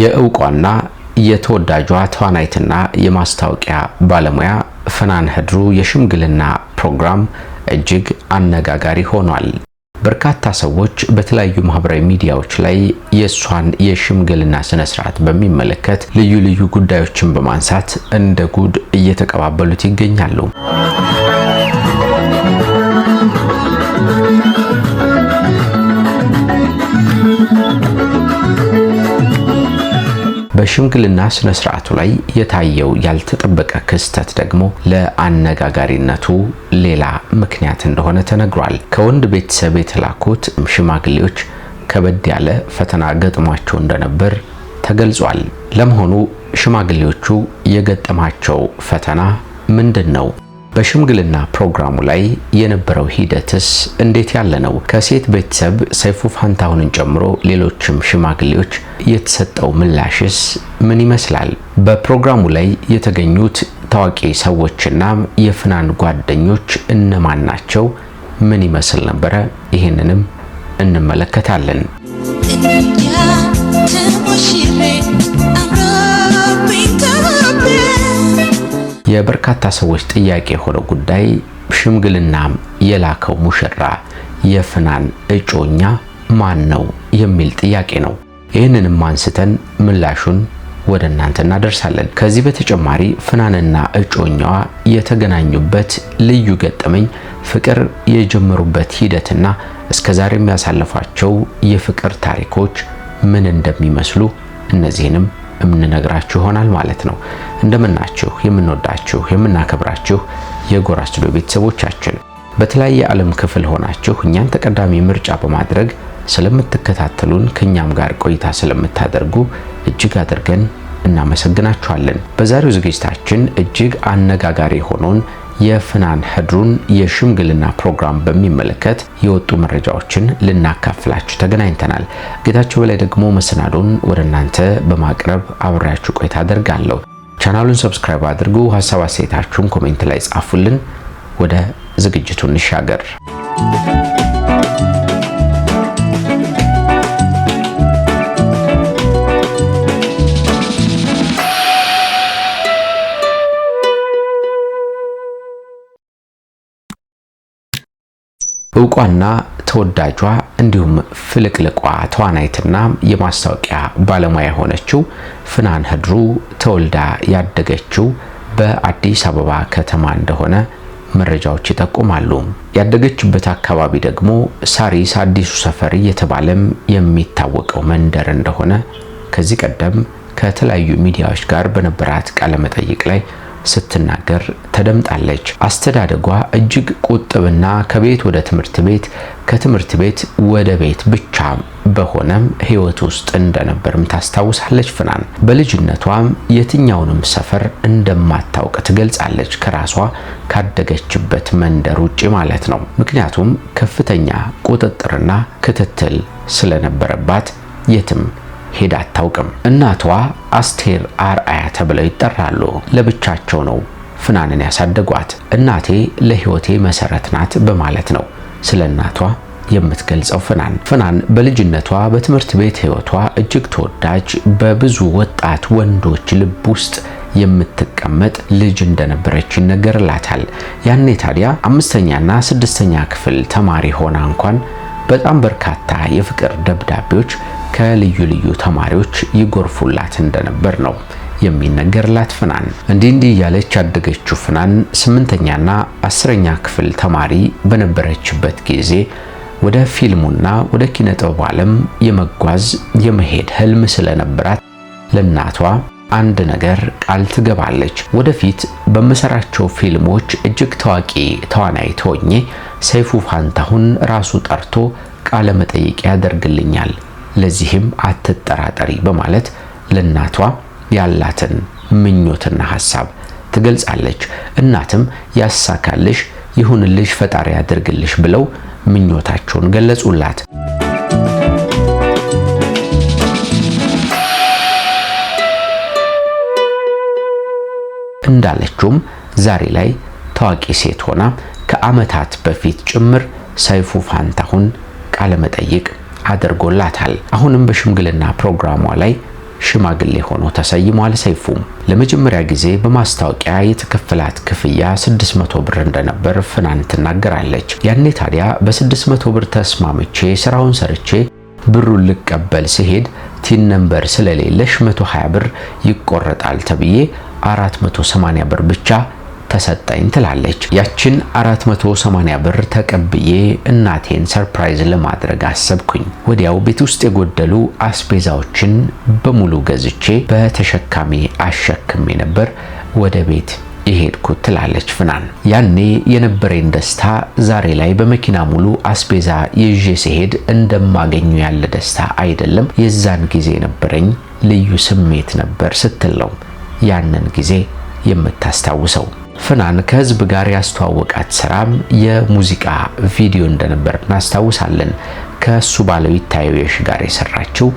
የእውቋና የተወዳጇ ተዋናይትና የማስታወቂያ ባለሙያ ፍናን ህድሩ የሽምግልና ፕሮግራም እጅግ አነጋጋሪ ሆኗል። በርካታ ሰዎች በተለያዩ ማህበራዊ ሚዲያዎች ላይ የእሷን የሽምግልና ስነ ስርዓት በሚመለከት ልዩ ልዩ ጉዳዮችን በማንሳት እንደ ጉድ እየተቀባበሉት ይገኛሉ። በሽምግልና ስነ ስርዓቱ ላይ የታየው ያልተጠበቀ ክስተት ደግሞ ለአነጋጋሪነቱ ሌላ ምክንያት እንደሆነ ተነግሯል። ከወንድ ቤተሰብ የተላኩት ሽማግሌዎች ከበድ ያለ ፈተና ገጥሟቸው እንደነበር ተገልጿል። ለመሆኑ ሽማግሌዎቹ የገጠማቸው ፈተና ምንድን ነው? በሽምግልና ፕሮግራሙ ላይ የነበረው ሂደትስ እንዴት ያለ ነው? ከሴት ቤተሰብ ሰይፉ ፋንታሁንን ጨምሮ ሌሎችም ሽማግሌዎች የተሰጠው ምላሽስ ምን ይመስላል? በፕሮግራሙ ላይ የተገኙት ታዋቂ ሰዎችና የፍናን ጓደኞች እነማን ናቸው? ምን ይመስል ነበረ? ይህንንም እንመለከታለን። የበርካታ ሰዎች ጥያቄ የሆነ ጉዳይ ሽምግልናም የላከው ሙሽራ የፍናን እጮኛ ማን ነው የሚል ጥያቄ ነው። ይህንንም አንስተን ምላሹን ወደ እናንተ እናደርሳለን። ከዚህ በተጨማሪ ፍናንና እጮኛዋ የተገናኙበት ልዩ ገጠመኝ፣ ፍቅር የጀመሩበት ሂደትና እስከዛሬ የሚያሳልፏቸው የፍቅር ታሪኮች ምን እንደሚመስሉ እነዚህንም እምንነግራችሁ ይሆናል ማለት ነው። እንደምናችሁ የምንወዳችሁ የምናከብራችሁ የጎራ ስቱዲዮ ቤተሰቦቻችን በተለያየ ዓለም ክፍል ሆናችሁ እኛን ተቀዳሚ ምርጫ በማድረግ ስለምትከታተሉን ከኛም ጋር ቆይታ ስለምታደርጉ እጅግ አድርገን እናመሰግናችኋለን። በዛሬው ዝግጅታችን እጅግ አነጋጋሪ ሆኖን የፍናን ህድሩን የሽምግልና ፕሮግራም በሚመለከት የወጡ መረጃዎችን ልናካፍላችሁ ተገናኝተናል። ጌታቸው በላይ ደግሞ መሰናዶን ወደ እናንተ በማቅረብ አብሬያችሁ ቆይታ አደርጋለሁ። ቻናሉን ሰብስክራይብ አድርጉ። ሀሳብ አስተያየታችሁን ኮሜንት ላይ ጻፉልን። ወደ ዝግጅቱ እንሻገር። እውቋና ተወዳጇ እንዲሁም ፍልቅልቋ ተዋናይትና የማስታወቂያ ባለሙያ የሆነችው ፍናን ህድሩ ተወልዳ ያደገችው በአዲስ አበባ ከተማ እንደሆነ መረጃዎች ይጠቁማሉ። ያደገችበት አካባቢ ደግሞ ሳሪስ አዲሱ ሰፈር እየተባለም የሚታወቀው መንደር እንደሆነ ከዚህ ቀደም ከተለያዩ ሚዲያዎች ጋር በነበራት ቃለ መጠይቅ ላይ ስትናገር ተደምጣለች። አስተዳደጓ እጅግ ቁጥብና ከቤት ወደ ትምህርት ቤት ከትምህርት ቤት ወደ ቤት ብቻ በሆነም ህይወት ውስጥ እንደነበርም ታስታውሳለች። ፍናን በልጅነቷም የትኛውንም ሰፈር እንደማታውቅ ትገልጻለች። ከራሷ ካደገችበት መንደር ውጪ ማለት ነው። ምክንያቱም ከፍተኛ ቁጥጥርና ክትትል ስለነበረባት የትም ሄዳ አታውቅም። እናቷ አስቴር አርአያ ተብለው ይጠራሉ። ለብቻቸው ነው ፍናንን ያሳደጓት። እናቴ ለህይወቴ መሰረት ናት በማለት ነው ስለ እናቷ የምትገልጸው ፍናን። ፍናን በልጅነቷ በትምህርት ቤት ህይወቷ እጅግ ተወዳጅ፣ በብዙ ወጣት ወንዶች ልብ ውስጥ የምትቀመጥ ልጅ እንደነበረች ይነገርላታል። ያኔ ታዲያ አምስተኛና ስድስተኛ ክፍል ተማሪ ሆና እንኳን በጣም በርካታ የፍቅር ደብዳቤዎች ከልዩ ልዩ ተማሪዎች ይጎርፉላት እንደነበር ነው የሚነገርላት ፍናን እንዲህ እንዲህ እያለች ያደገችው ፍናን ስምንተኛና አስረኛ ክፍል ተማሪ በነበረችበት ጊዜ ወደ ፊልሙና ወደ ኪነ ዓለም የመጓዝ የመሄድ ህልም ስለነበራት ለእናቷ አንድ ነገር ቃል ትገባለች። ወደፊት በምሰራቸው ፊልሞች እጅግ ታዋቂ ተዋናይ ተወኜ ሰይፉ ፋንታሁን ራሱ ጠርቶ ቃለ መጠይቅ ያደርግልኛል ለዚህም አትጠራጠሪ በማለት ለእናቷ ያላትን ምኞትና ሀሳብ ትገልጻለች። እናትም ያሳካልሽ፣ ይሁንልሽ፣ ፈጣሪ ያድርግልሽ ብለው ምኞታቸውን ገለጹላት። እንዳለችውም ዛሬ ላይ ታዋቂ ሴት ሆና ከዓመታት በፊት ጭምር ሰይፉ ፋንታሁን ቃለመጠይቅ አድርጎላታል። አሁንም በሽምግልና ፕሮግራሟ ላይ ሽማግሌ ሆኖ ተሰይሟል። ሰይፉም ለመጀመሪያ ጊዜ በማስታወቂያ የተከፈላት ክፍያ 600 ብር እንደነበር ፍናን ትናገራለች። ያኔ ታዲያ በ600 ብር ተስማምቼ ስራውን ሰርቼ ብሩን ልቀበል ሲሄድ ቲን ነምበር ስለሌለሽ 120 ብር ይቆረጣል ተብዬ 480 ብር ብቻ ተሰጠኝ ትላለች። ያችን 480 ብር ተቀብዬ እናቴን ሰርፕራይዝ ለማድረግ አሰብኩኝ። ወዲያው ቤት ውስጥ የጎደሉ አስቤዛዎችን በሙሉ ገዝቼ በተሸካሚ አሸክሜ ነበር ወደ ቤት የሄድኩት ትላለች ፍናን። ያኔ የነበረኝ ደስታ ዛሬ ላይ በመኪና ሙሉ አስቤዛ ይዤ ሲሄድ እንደማገኙ ያለ ደስታ አይደለም። የዛን ጊዜ የነበረኝ ልዩ ስሜት ነበር ስትለው ያንን ጊዜ የምታስታውሰው። ፍናን ከህዝብ ጋር ያስተዋወቃት ስራም የሙዚቃ ቪዲዮ እንደነበር እናስታውሳለን። ከሱ ባለቤት ታዮሽ ጋር የሰራችው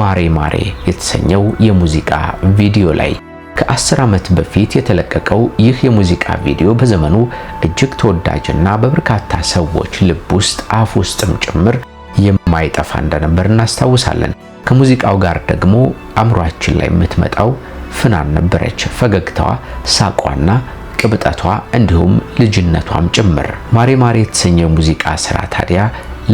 ማሬ ማሬ የተሰኘው የሙዚቃ ቪዲዮ ላይ ከአስር ዓመት በፊት የተለቀቀው ይህ የሙዚቃ ቪዲዮ በዘመኑ እጅግ ተወዳጅና በበርካታ ሰዎች ልብ ውስጥ አፍ ውስጥም ጭምር የማይጠፋ እንደነበር እናስታውሳለን። ከሙዚቃው ጋር ደግሞ አእምሯችን ላይ የምትመጣው ፍናን ነበረች። ፈገግታዋ፣ ሳቋና ቅብጠቷ እንዲሁም ልጅነቷም ጭምር። ማሬ ማሬ የተሰኘው ሙዚቃ ስራ ታዲያ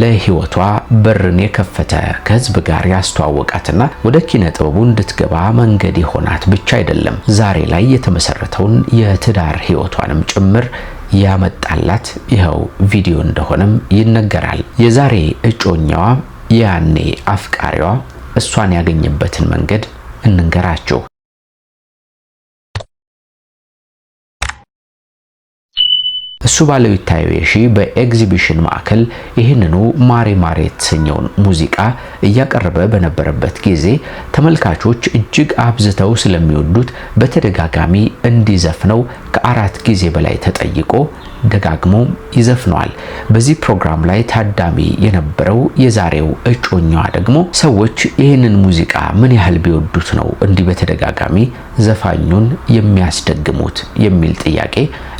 ለህይወቷ በርን የከፈተ ከህዝብ ጋር ያስተዋወቃትና ወደ ኪነ ጥበቡ እንድትገባ መንገድ የሆናት ብቻ አይደለም፣ ዛሬ ላይ የተመሰረተውን የትዳር ህይወቷንም ጭምር ያመጣላት ይኸው ቪዲዮ እንደሆነም ይነገራል። የዛሬ እጮኛዋ ያኔ አፍቃሪዋ እሷን ያገኘበትን መንገድ እንንገራችሁ። እሱ ባለው ይታየው የሺ በኤግዚቢሽን ማዕከል ይህንኑ ማሬ ማሬ የተሰኘውን ሙዚቃ እያቀረበ በነበረበት ጊዜ ተመልካቾች እጅግ አብዝተው ስለሚወዱት በተደጋጋሚ እንዲዘፍነው ከአራት ጊዜ በላይ ተጠይቆ ደጋግሞ ይዘፍነዋል። በዚህ ፕሮግራም ላይ ታዳሚ የነበረው የዛሬው እጮኛዋ ደግሞ ሰዎች ይህንን ሙዚቃ ምን ያህል ቢወዱት ነው እንዲህ በተደጋጋሚ ዘፋኙን የሚያስደግሙት የሚል ጥያቄ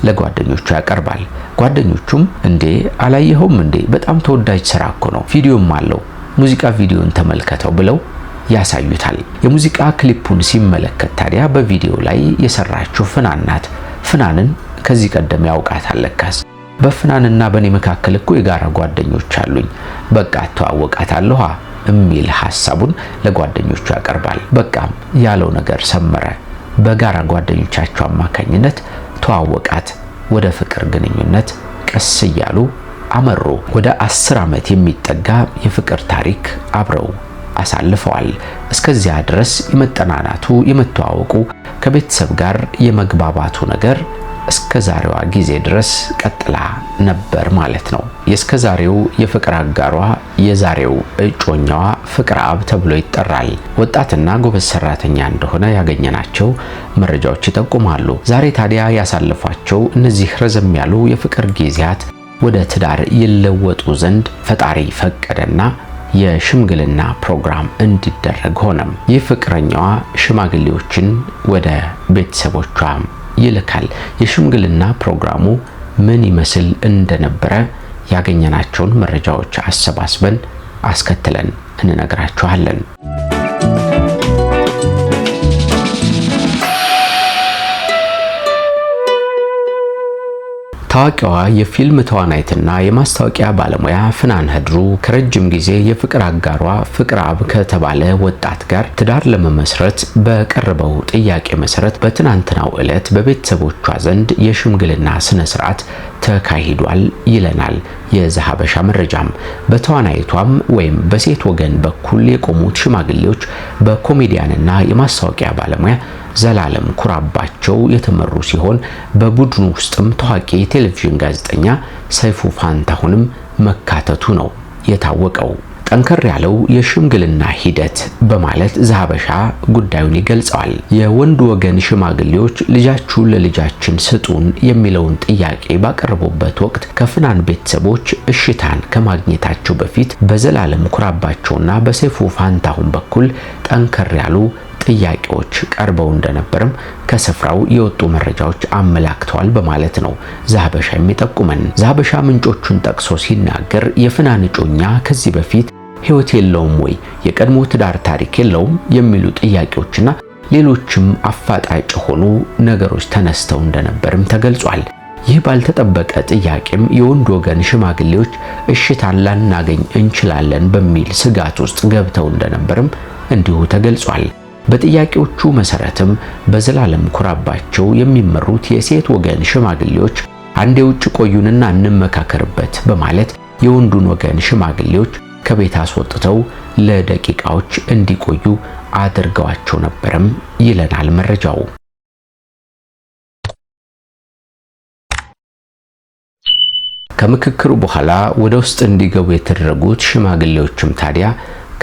ለጓደኞቹ ያቀርባል። ጓደኞቹም እንዴ አላየኸውም እንዴ በጣም ተወዳጅ ስራ እኮ ነው፣ ቪዲዮም አለው፣ ሙዚቃ ቪዲዮን ተመልከተው ብለው ያሳዩታል። የሙዚቃ ክሊፑን ሲመለከት ታዲያ በቪዲዮ ላይ የሰራችው ፍናናት። ፍናንን ከዚህ ቀደም ያውቃታል ለካስ። በፍናንና በእኔ መካከል እኮ የጋራ ጓደኞች አሉኝ፣ በቃ አለኋ የሚል ሐሳቡን ለጓደኞቹ ያቀርባል። በቃም ያለው ነገር ሰመረ። በጋራ ጓደኞቻቸው አማካኝነት ተዋወቃት። ወደ ፍቅር ግንኙነት ቀስ እያሉ አመሩ። ወደ አስር ዓመት የሚጠጋ የፍቅር ታሪክ አብረው አሳልፈዋል። እስከዚያ ድረስ የመጠናናቱ የመተዋወቁ ከቤተሰብ ጋር የመግባባቱ ነገር እስከ ዛሬዋ ጊዜ ድረስ ቀጥላ ነበር ማለት ነው። የእስከ ዛሬው የፍቅር አጋሯ የዛሬው እጮኛዋ ፍቅር አብ ተብሎ ይጠራል። ወጣትና ጎበዝ ሰራተኛ እንደሆነ ያገኘናቸው መረጃዎች ይጠቁማሉ። ዛሬ ታዲያ ያሳለፏቸው እነዚህ ረዘም ያሉ የፍቅር ጊዜያት ወደ ትዳር ይለወጡ ዘንድ ፈጣሪ ፈቀደና የሽምግልና ፕሮግራም እንዲደረግ ሆነም። ይህ ፍቅረኛዋ ሽማግሌዎችን ወደ ቤተሰቦቿ ይልካል። የሽምግልና ፕሮግራሙ ምን ይመስል እንደነበረ ያገኘናቸውን መረጃዎች አሰባስበን አስከትለን እንነግራችኋለን። ታዋቂዋ የፊልም ተዋናይትና የማስታወቂያ ባለሙያ ፍናን ህድሩ ከረጅም ጊዜ የፍቅር አጋሯ ፍቅር አብ ከተባለ ወጣት ጋር ትዳር ለመመስረት በቀረበው ጥያቄ መሰረት በትናንትናው ዕለት በቤተሰቦቿ ዘንድ የሽምግልና ስነ ስርዓት ተካሂዷል ይለናል የዘሀበሻ መረጃም። በተዋናይቷም ወይም በሴት ወገን በኩል የቆሙት ሽማግሌዎች በኮሜዲያንና የማስታወቂያ ባለሙያ ዘላለም ኩራባቸው የተመሩ ሲሆን በቡድኑ ውስጥም ታዋቂ የቴሌቪዥን ጋዜጠኛ ሰይፉ ፋንታሁንም መካተቱ ነው የታወቀው። ጠንከር ያለው የሽምግልና ሂደት በማለት ዘሀበሻ ጉዳዩን ይገልጸዋል። የወንድ ወገን ሽማግሌዎች ልጃችሁን ለልጃችን ስጡን የሚለውን ጥያቄ ባቀረቡበት ወቅት ከፍናን ቤተሰቦች እሽታን ከማግኘታቸው በፊት በዘላለም ኩራባቸውና በሰይፉ ፋንታሁን በኩል ጠንከር ያሉ ጥያቄዎች ቀርበው እንደነበርም ከስፍራው የወጡ መረጃዎች አመላክተዋል በማለት ነው ዘሀበሻ የሚጠቁመን። ዘሀበሻ ምንጮቹን ጠቅሶ ሲናገር የፍናን እጮኛ ከዚህ በፊት ህይወት የለውም ወይ? የቀድሞ ትዳር ታሪክ የለውም? የሚሉ ጥያቄዎችና ሌሎችም አፋጣጭ የሆኑ ነገሮች ተነስተው እንደነበርም ተገልጿል። ይህ ባልተጠበቀ ጥያቄም የወንድ ወገን ሽማግሌዎች እሽታን ላናገኝ እንችላለን በሚል ስጋት ውስጥ ገብተው እንደነበርም እንዲሁ ተገልጿል። በጥያቄዎቹ መሰረትም በዘላለም ኩራባቸው የሚመሩት የሴት ወገን ሽማግሌዎች አንዴ ውጭ ቆዩንና እንመካከርበት በማለት የወንዱን ወገን ሽማግሌዎች ከቤት አስወጥተው ለደቂቃዎች እንዲቆዩ አድርገዋቸው ነበርም ይለናል መረጃው። ከምክክሩ በኋላ ወደ ውስጥ እንዲገቡ የተደረጉት ሽማግሌዎችም ታዲያ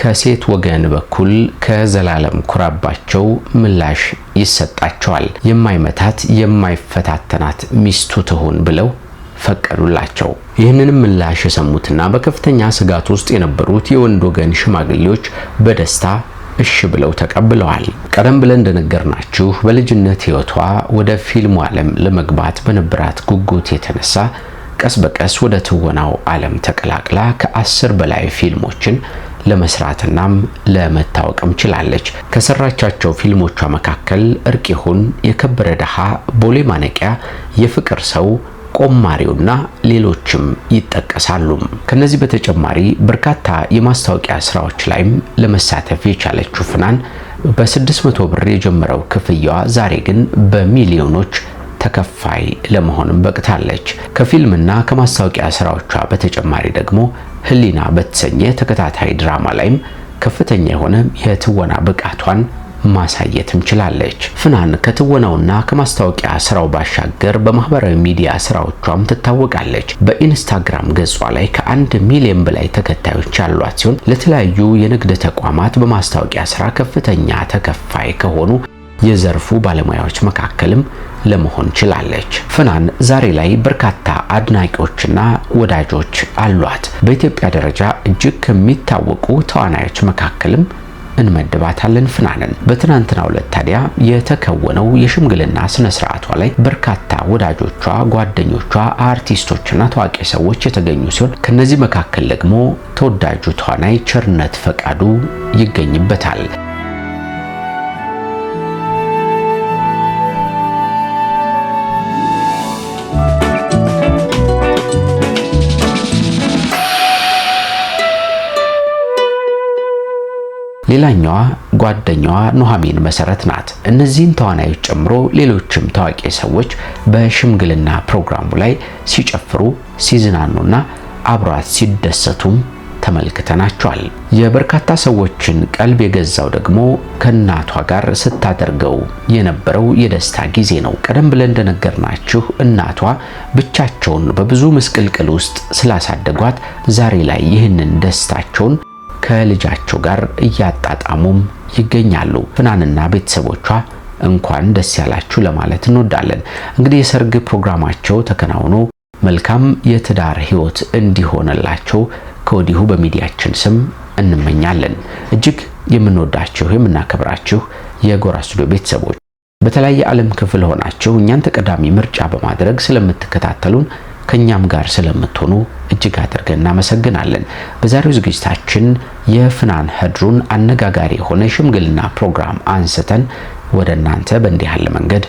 ከሴት ወገን በኩል ከዘላለም ኩራባቸው ምላሽ ይሰጣቸዋል። የማይመታት የማይፈታተናት ሚስቱ ትሆን ብለው ፈቀዱላቸው። ይህንንም ምላሽ የሰሙትና በከፍተኛ ስጋት ውስጥ የነበሩት የወንድ ወገን ሽማግሌዎች በደስታ እሺ ብለው ተቀብለዋል። ቀደም ብለን እንደነገርናችሁ በልጅነት ሕይወቷ ወደ ፊልሙ ዓለም ለመግባት በነበራት ጉጉት የተነሳ ቀስ በቀስ ወደ ትወናው ዓለም ተቀላቅላ ከአስር በላይ ፊልሞችን ለመስራትናም ለመታወቅም ችላለች። ከሰራቻቸው ፊልሞቿ መካከል እርቅ ይሁን፣ የከበረ ድሃ፣ ቦሌ ማነቂያ፣ የፍቅር ሰው ቆማሪውና ሌሎችም ይጠቀሳሉ። ከነዚህ በተጨማሪ በርካታ የማስታወቂያ ስራዎች ላይም ለመሳተፍ የቻለችው ፍናን በ600 ብር የጀመረው ክፍያዋ ዛሬ ግን በሚሊዮኖች ተከፋይ ለመሆንም በቅታለች። ከፊልምና ከማስታወቂያ ስራዎቿ በተጨማሪ ደግሞ ህሊና በተሰኘ ተከታታይ ድራማ ላይም ከፍተኛ የሆነ የትወና ብቃቷን ማሳየትም ችላለች። ፍናን ከትወናውና ከማስታወቂያ ስራው ባሻገር በማህበራዊ ሚዲያ ስራዎቿም ትታወቃለች። በኢንስታግራም ገጿ ላይ ከአንድ ሚሊዮን በላይ ተከታዮች ያሏት ሲሆን ለተለያዩ የንግድ ተቋማት በማስታወቂያ ስራ ከፍተኛ ተከፋይ ከሆኑ የዘርፉ ባለሙያዎች መካከልም ለመሆን ችላለች። ፍናን ዛሬ ላይ በርካታ አድናቂዎችና ወዳጆች አሏት። በኢትዮጵያ ደረጃ እጅግ ከሚታወቁ ተዋናዮች መካከልም እንመድባታለን። ፍናንን በትናንትናው ዕለት ታዲያ የተከወነው የሽምግልና ስነ ስርዓቷ ላይ በርካታ ወዳጆቿ፣ ጓደኞቿ፣ አርቲስቶችና ታዋቂ ሰዎች የተገኙ ሲሆን ከነዚህ መካከል ደግሞ ተወዳጁ ተዋናይ ቸርነት ፈቃዱ ይገኝበታል። ሌላኛዋ ጓደኛዋ ኑሐሚን መሰረት ናት። እነዚህን ተዋናዮች ጨምሮ ሌሎችም ታዋቂ ሰዎች በሽምግልና ፕሮግራሙ ላይ ሲጨፍሩ ሲዝናኑና አብሯት ሲደሰቱም ተመልክተናቸዋል። የበርካታ ሰዎችን ቀልብ የገዛው ደግሞ ከእናቷ ጋር ስታደርገው የነበረው የደስታ ጊዜ ነው። ቀደም ብለን እንደነገርናችሁ እናቷ ብቻቸውን በብዙ ምስቅልቅል ውስጥ ስላሳደጓት ዛሬ ላይ ይህንን ደስታቸውን ከልጃቸው ጋር እያጣጣሙም ይገኛሉ። ፍናንና ቤተሰቦቿ እንኳን ደስ ያላችሁ ለማለት እንወዳለን። እንግዲህ የሰርግ ፕሮግራማቸው ተከናውኖ መልካም የትዳር ህይወት እንዲሆንላቸው ከወዲሁ በሚዲያችን ስም እንመኛለን። እጅግ የምንወዳችሁ የምናከብራችሁ የጎራ ስቱዲዮ ቤተሰቦች በተለያየ ዓለም ክፍል ሆናችሁ እኛን ተቀዳሚ ምርጫ በማድረግ ስለምትከታተሉን ከእኛም ጋር ስለምትሆኑ እጅግ አድርገን እናመሰግናለን። በዛሬው ዝግጅታችን የፍናን ኸድሩን አነጋጋሪ የሆነ ሽምግልና ፕሮግራም አንስተን ወደ እናንተ በእንዲህ ያለ መንገድ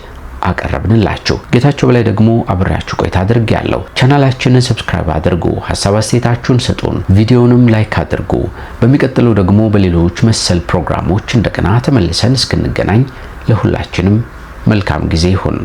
አቀረብንላችሁ። ጌታቸው በላይ ደግሞ አብሬያችሁ ቆይታ አድርግ ያለው። ቻናላችንን ሰብስክራይብ አድርጉ፣ ሀሳብ አስተያየታችሁን ስጡን፣ ቪዲዮንም ላይክ አድርጉ። በሚቀጥለው ደግሞ በሌሎች መሰል ፕሮግራሞች እንደገና ተመልሰን እስክንገናኝ ለሁላችንም መልካም ጊዜ ይሁን።